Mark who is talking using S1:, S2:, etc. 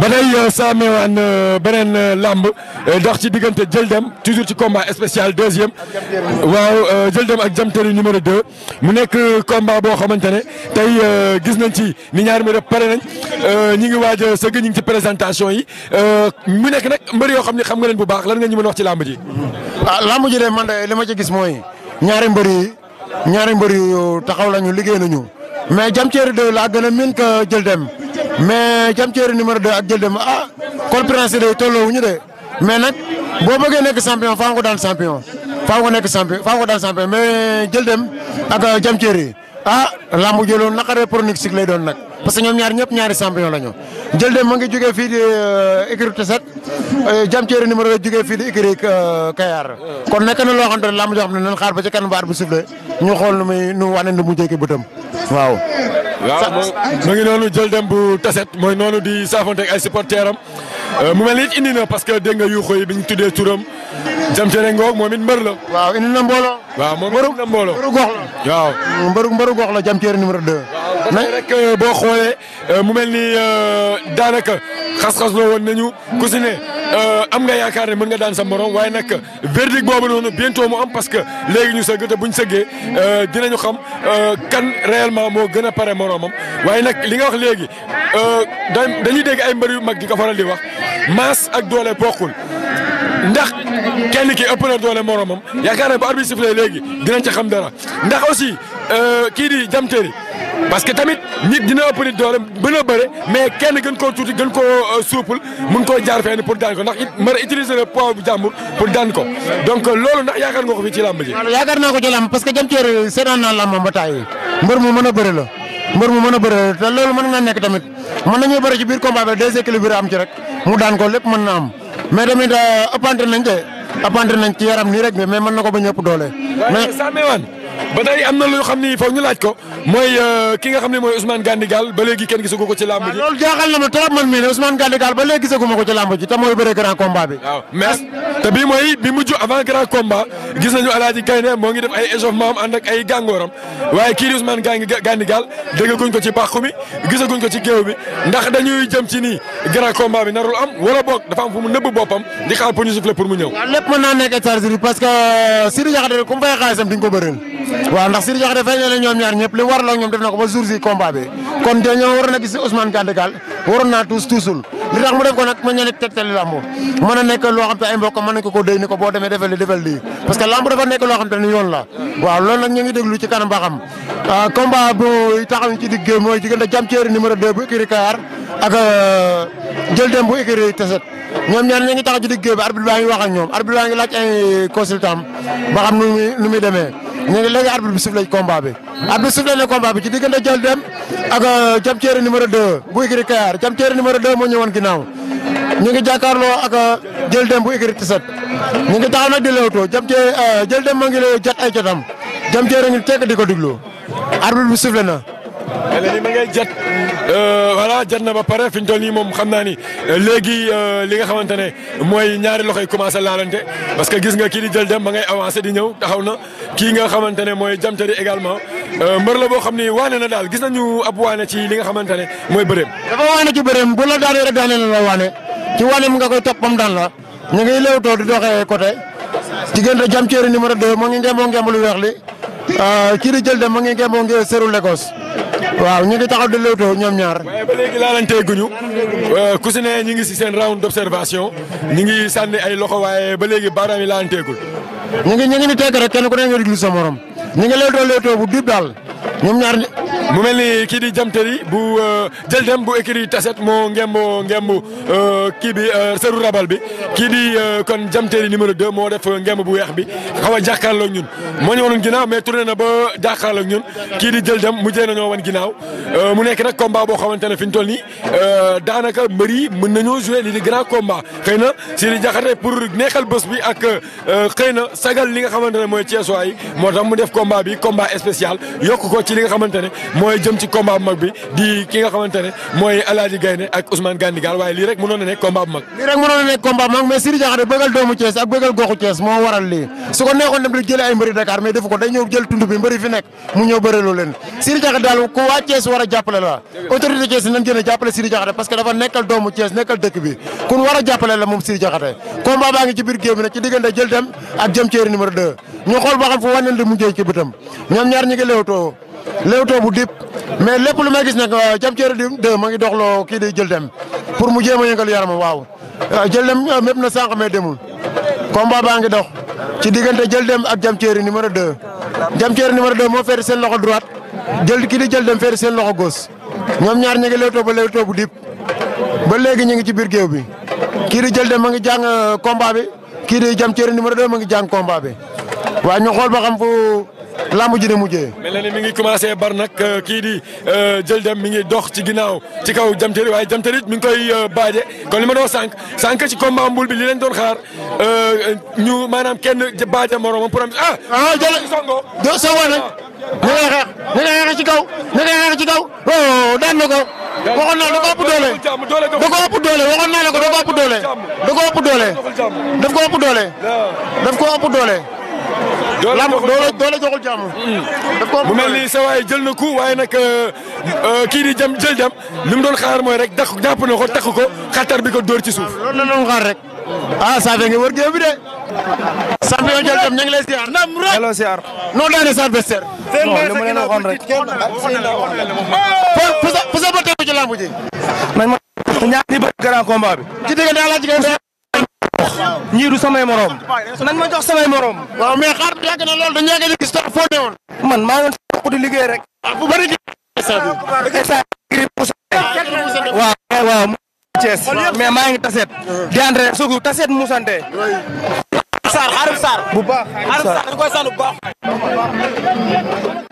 S1: ba tey saa meewaan beneen euh, làmb euh, dox ci diggante jël dem toujours ci combat spécial deuxième waaw euh, jël dem ak jamteeri numéro 2 mu nekk combat boo xamante ne tey gis nañ ci ni ñaar mi rek pare nañ ñi ngi waaj a sëgg ñi ci présentation yi mu nekk nag mbër yoo xam ne xam nga leen bu baax lan nga ñu mën wax ci làmb ji.
S2: ah làmb ji de man de li ma ci gis mooy ñaari mbër yi ñaari mbër yu taxaw lañu liggéey nañu mais jamteeri 2 laa gën a miin jël dem. mais Jam Teeri numéro 2 ak Jël Demba ah compétence day ñu de mais nag boo bëggee nekk champion faa nga ko daan champion faa nga ko nekk champion faa nga ko daan champion mais Jël Demba ak euh, Jam Teeri ah lambu jëloon naqaree pronostic lay doon nag parce que ñoom ñaar ñëpp ñaari champion la ñu Jël Demba mu ngi jógee euh, euh, fii di écurie Tesset Jam Teeri numéro 2 jógee fii di écurie Kayar kon nekk na loo xamante ne xam ne nañ xaar ba ci kanam baar bu suuf ñu xool nu muy nu mu wane nu mu jékki bëtam waaw. waaw mu ngi noonu jël bu taset mooy noonu di
S1: saafonteeg ay supporteurs am euh, mu mel ni it indi na parce que dégg nga yuuxu yi bi ñu tuddee turam jam cere ngoog moom it mbër la. waaw indi na mbooloo. waaw moom it indi na mbooloo mbëru gox la. waaw mbëru mbëru gox la jam cere numéro 2. waaw rek euh, boo xoolee euh, mu mel ni daanaka xas-xas loo woon nañu ku Euh, am nga yaakaar ne mën nga daan sa moroom waaye nag verdict boobu noonu bientôt mu am parce que léegi ñu sëgg te buñ sëggee euh, dinañu xam euh, kan réellement moo gën a pare moromam waaye nag li nga wax léegi dañuy dégg ay mbër yu mag di ko faral di wax mas ak doole bokkul ndax kenn ki ëpp na doole moromam yaakaar ne bu arbitre sifflé léegi dinañ ca xam dara ndax aussi kii di jamteeri parce que tamit nit dina ëpp nit doole mën a bëre mais kenn gën koo tuuti gën koo euh, suupul mun koo jaar fenn pour daan ko ndax it mën a utiliser le poids bu jàmbur pour daan ko
S2: donc euh, loolu ndax yaakaar nga ko fi ci làmb ji. yaakaar naa ko ci làmb parce que jëm cër seetaan naa làmb ba tàyyi mbër mu mën a bëre la mbër mu mën a bëre la te loolu mën na nekk tamit mën nañu bëre ci biir combat bi déséquilibre am ci rek mu daan ko lépp mën na am mais tamit ëppante euh, nañ te ëppante nañ ci yaram nii rek mais mën na ko ba ñëpp doole. mais ba tey am na loo xam ni foog ñu
S1: laaj ko mooy euh, ki nga xam ne mooy Ousmane Gandigal ba léegi kenn gisagu ko ci làmb ji.
S2: Ah, loolu na ma trop man mii ne Ousmane Gandigal ba léegi gisagu ma ko ci làmb te mooy bëre grand combat bi. waaw te bii mooy bi mujj
S1: avant grand combat gis nañu Alaaji Gaynde moo ngi dem ay échauffement am ànd ak ay gàngooram waaye kii di Ousmane Gandigal déggaguñ ko ci pàq mi gisaguñ ko ci géew bi ndax dañuy jëm ci nii grand combat bi narul am wala boog dafa am fu mu nëbb boppam di xaar pour ñu siffler pour mu ñëw. waaw
S2: lépp naa nekk parce que euh, Sidi Diakhaté ku mu fay waaw ndax Sidi Diakhaté feeñee na ñoom ñaar ñëpp li war la ñoom def na ba jour si combat bi kon de ñoom war na gis Ousmane Gandigal waroon na tuus tuusul li tax mu def ko nag ma ñeneen tegtali lamb mën a nekk loo xam te ay mbokk mën nañ ko ko déy ni ko boo demee defal li defal lii parce que lamb dafa nekk loo xam ni yoon la waaw loolu nag ñu ngi ci kanam ba ah, combat bu taxaw ci digg mooy diggante jam ceeri numéro 2 bu écurie Kayar ak euh, jël dem bu écurie Tesset ñoom ñaar ñi ngi taxaw ci digg bi arbitre baa ngi wax ak ñoom arbitre baa ngi laaj ay consultant ba xam nu nu muy demee ñu ngi léegi arbitre bi sifflé combat bi arbitre sifflé na combat bi ci diggante Jël Dem ak euh, Jam Téere numéro 2 bu écurie Kayar Jam Téere numéro 2 moo ñëwoon ginnaaw ñu ngi jàkkaarloo ak euh, Jël bu écurie Tisset ñu ngi na nag di Jam Téere euh, Jël Dem moo ngi lay jot ay jotam Jam Téere ngi tekk di ko déglu arbitre bi na
S1: mel na ni ma ngay jot euh, voilà jot na ba pare fi ñu toll nii moom xam naa ni euh, léegi euh, li nga xamante ne mooy ñaari loxo yi commencé laalante parce que gis nga kii di jël dem ma ngay avancé di ñëw taxaw na kii nga xamante ne mooy jamtari également mbër la boo xam ni waane na daal gis nañu ab waane ci li nga xamante ne mooy
S2: bëreem. dafa waane ci bëreem bu la daanee rek daanee na la waane ci waaneem nga koy toppam daan la ñu ngi léewtoo di doxee côté diggante weex li kii di jël dem ma ngi ngemboo nge seru Lagos waaw ñu ngi taxaw di lewtoo ñoom ñaar. ba léegi laa lañ teeguñu euh, ku si
S1: ne ñu ngi si seen round d' observation ñu ngi sànni ay loxo waaye ba léegi baaraam yi laa lañ teegul.
S2: ñu ngi ñu ngi ni teg rek kenn ku ne nga diglu sa ñu ngi lewtoo lewtoo bu dib daal
S1: mu mel ni kii di jamteri bu euh, jël dem bu écrit taset moo ngemb ngemb euh, kii bi euh, seru rabal bi kii di kon jamteri numéro 2 moo def ngemb bu weex bi xaw a jàkkaarloo ñun moo ñëwoon ginnaaw mais tourné na ba jàkkaarloo ñun kii di jël dem mujjee nañoo wan ginnaaw mu nekk nag combat boo xamante ne fi ñu toll nii daanaka mbër yi mën nañoo joué lii di grand combat xëy na si di jaxate pour neexal bés bi ak xëy na sagal li nga xamante ne mooy yi moo tax mu def combat bi combat espécial yokk ko ci li nga xamante ne mooy jëm ci combat bu mag bi di ki nga xamante ne mooy Alaaji Gaynde ak Ousmane Gandigal waaye lii rek mënoon na nekk combat bu mag
S2: lii rek mënoon na nekk combat bu mag mais Sidi bëggal doomu Thiès ak bëggal goxu Thiès moo waral lii su ko neexoon dem di jëlee ay mbëri Dakar mais defu day ñëw jël tund bi mbëri fi nekk mu ñëw bëreloo leen Sidi Diakhaté daal ku waa Thiès war a jàppale la autorité Thiès nañ gën a jàppale Sidi Diakhaté parce que dafa nekkal doomu Thiès a jël dem ak jëm ceeri numéro 2 léewtoo bu dip mais lepp lu may gis nak jam ci di de ma ngi doxlo ki day jël dem pour mu jema a yaram waaw euh, jël dem euh, mepp na sank mais demul combat ba ngi dox ci digënté jël dem ak jam ceeri numéro 2 jam ceeri numéro 2 mo fer sen loxo droite jël ki di jël dem fer sen loxo gauche ñom ñaar ñu ngi léewtoo ba léewtoo bu dip ba légui ñi ngi ci bir geew bi ki di jël dem ma ngi jang euh, combat bi ki di jam ceeri numéro 2 ma ngi jang combat bi wa ñu xol ba xam fu lamb ji ne mujjee.
S1: mi ngi commencé bar nag euh, kii di euh, jël dem mi ngi dox ci ginnaaw ci kaw jamteri waaye jamteri mi ngi koy euh, baaje kon li ma doon sànq sànq ci combat mbul bi li leen doon xaar ñu maanaam kenn baaje moromam pour am ah. ah jël songo do songo nag ñu xeex ñu
S2: xeex ci kaw ñu ngi xeex ci kaw oh daan na ko. waxoon naa da ko ëpp doole da ko doole waxoon naa ko da ko ëpp doole da ko ëpp doole daf ko ëpp doole doole. lamb doole doole joxul jàmm. Mm. daf ko mu mel ni sa waay
S1: jël na ku waaye nag euh, euh, kii jam jël jam li mu doon xaar mooy rek dax jàpp na ko takk
S2: ko xatar bi ko dóor ci suuf. loolu la doon xaar rek. ah Sadio nga wër géew bi de. champion jël jam ñu ngi lay siyaar. ndam rek delloo siyaar. non daane sa adversaire. non waxoon rek. pour pour sa ba tegu ci lamb ji. nañ ma ñaari bëri grand combat bi. ci diggante ñii du samay morom. nan ma jox samay morom. waaw mais xaar yàgg na loolu dañu yàgg a gis sax foo newoon. man maa ngi woon di liggéey rek. ah bu bëri waaw waaw Thiès mais maa ngi taseet. di André Sougou taseet Moussante. Saar xaarum Saar. bu baax xaarum